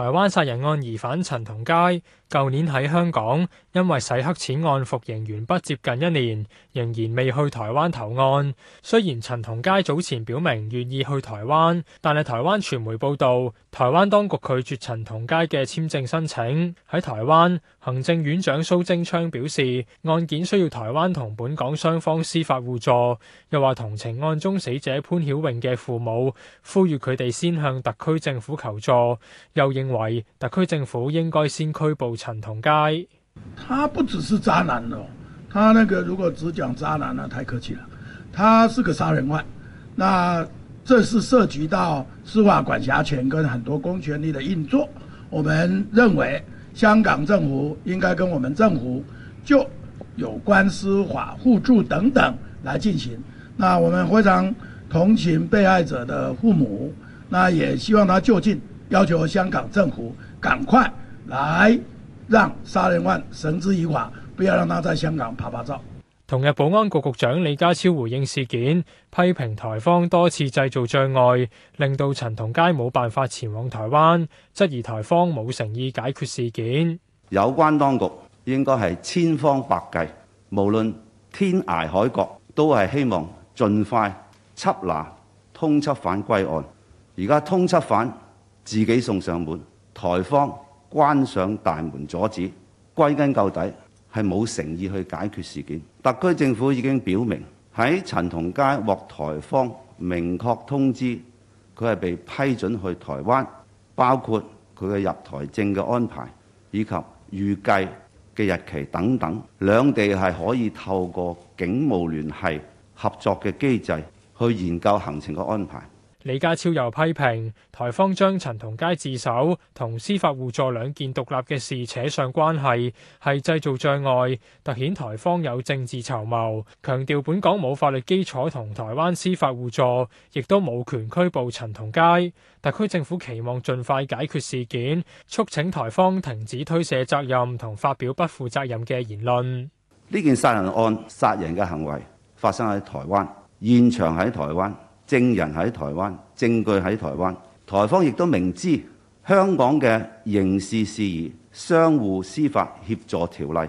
台灣殺人案疑犯陳同佳，舊年喺香港因為洗黑錢案服刑完畢接近一年，仍然未去台灣投案。雖然陳同佳早前表明願意去台灣，但係台灣傳媒報道，台灣當局拒絕陳同佳嘅簽證申請。喺台灣，行政院長蘇貞昌表示，案件需要台灣同本港雙方司法互助。又話同情案中死者潘曉穎嘅父母，呼籲佢哋先向特區政府求助。又認為特區政府應該先拘捕陳同佳。他不只是渣男哦，他那個如果只講渣男那啊，太客氣了。他是個殺人犯。那這是涉及到司法管轄權跟很多公權力的運作。我們認為香港政府應該跟我們政府就有關司法互助等等來進行。那我們非常同情被害者的父母，那也希望他就近。要求香港政府趕快來讓殺人犯繩之以法，不要讓他在香港拍拍照。同日，保安局局長李家超回應事件，批評台方多次製造障礙，令到陳同佳冇辦法前往台灣，質疑台方冇誠意解決事件。有關當局應該係千方百計，無論天涯海角，都係希望盡快緝拿通緝犯歸案。而家通緝犯自己送上門，台方關上大門阻止，歸根究底係冇誠意去解決事件。特區政府已經表明，喺陳同佳獲台方明確通知，佢係被批准去台灣，包括佢嘅入台證嘅安排以及預計嘅日期等等，兩地係可以透過警務聯繫合作嘅機制去研究行程嘅安排。李家超又批評台方將陳同佳自首同司法互助兩件獨立嘅事扯上關係，係製造障礙，凸顯台方有政治籌謀。強調本港冇法律基礎同台灣司法互助，亦都冇權拘捕陳同佳。特區政府期望盡快解決事件，促請台方停止推卸責任同發表不負責任嘅言論。呢件殺人案，殺人嘅行為發生喺台灣，現場喺台灣。證人喺台灣，證據喺台灣，台方亦都明知香港嘅刑事事宜相互司法協助條例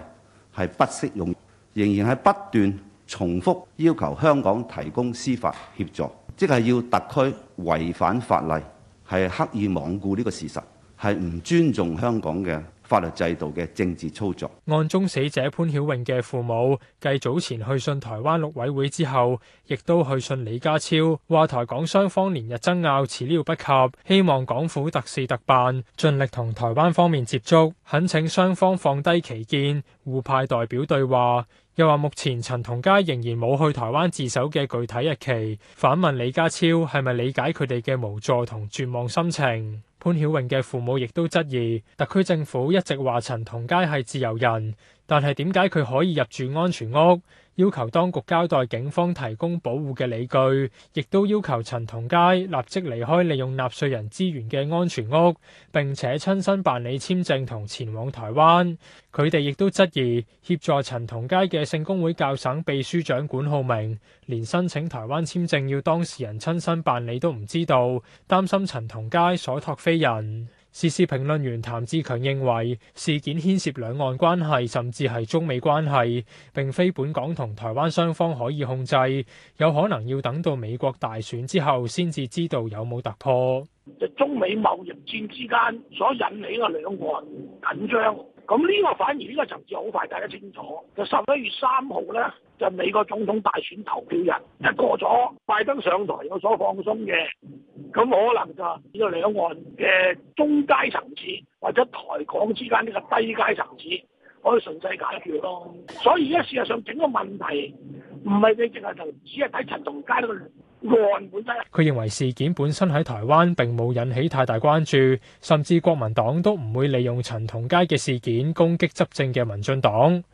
係不適用，仍然係不斷重複要求香港提供司法協助，即係要特區違反法例，係刻意罔顧呢個事實，係唔尊重香港嘅法律制度嘅政治操作。案中死者潘曉穎嘅父母，繼早前去信台灣陸委會之後，亦都去信李家超，話台港雙方連日爭拗，始料不及，希望港府特事特辦，盡力同台灣方面接觸，懇請雙方放低旗見，互派代表對話。又話目前陳同佳仍然冇去台灣自首嘅具體日期，反問李家超係咪理解佢哋嘅無助同絕望心情。潘曉穎嘅父母亦都質疑，特區政府一直話陳同佳係自由人。但係點解佢可以入住安全屋？要求當局交代警方提供保護嘅理據，亦都要求陳同佳立即離開利用納稅人資源嘅安全屋，並且親身辦理簽證同前往台灣。佢哋亦都質疑協助陳同佳嘅聖公會教省秘書長管浩明，連申請台灣簽證要當事人親身辦理都唔知道，擔心陳同佳所託非人。時事評論員譚志強認為事件牽涉兩岸關係，甚至係中美關係，並非本港同台灣雙方可以控制，有可能要等到美國大選之後先至知道有冇突破。中美貿易戰之間所引起嘅兩岸緊張，咁呢個反而呢個層次好快大家清楚。就十一月三號呢，就美國總統大選投票日，一過咗，拜登上台有所放鬆嘅。咁可能就呢個兩岸嘅中階層次，或者台港之間呢個低階層次，可以順勢解決咯。所以而家事實上整個問題唔係你淨係就只係睇陳同佳呢個案本身。佢認為事件本身喺台灣並冇引起太大關注，甚至國民黨都唔會利用陳同佳嘅事件攻擊執政嘅民進黨。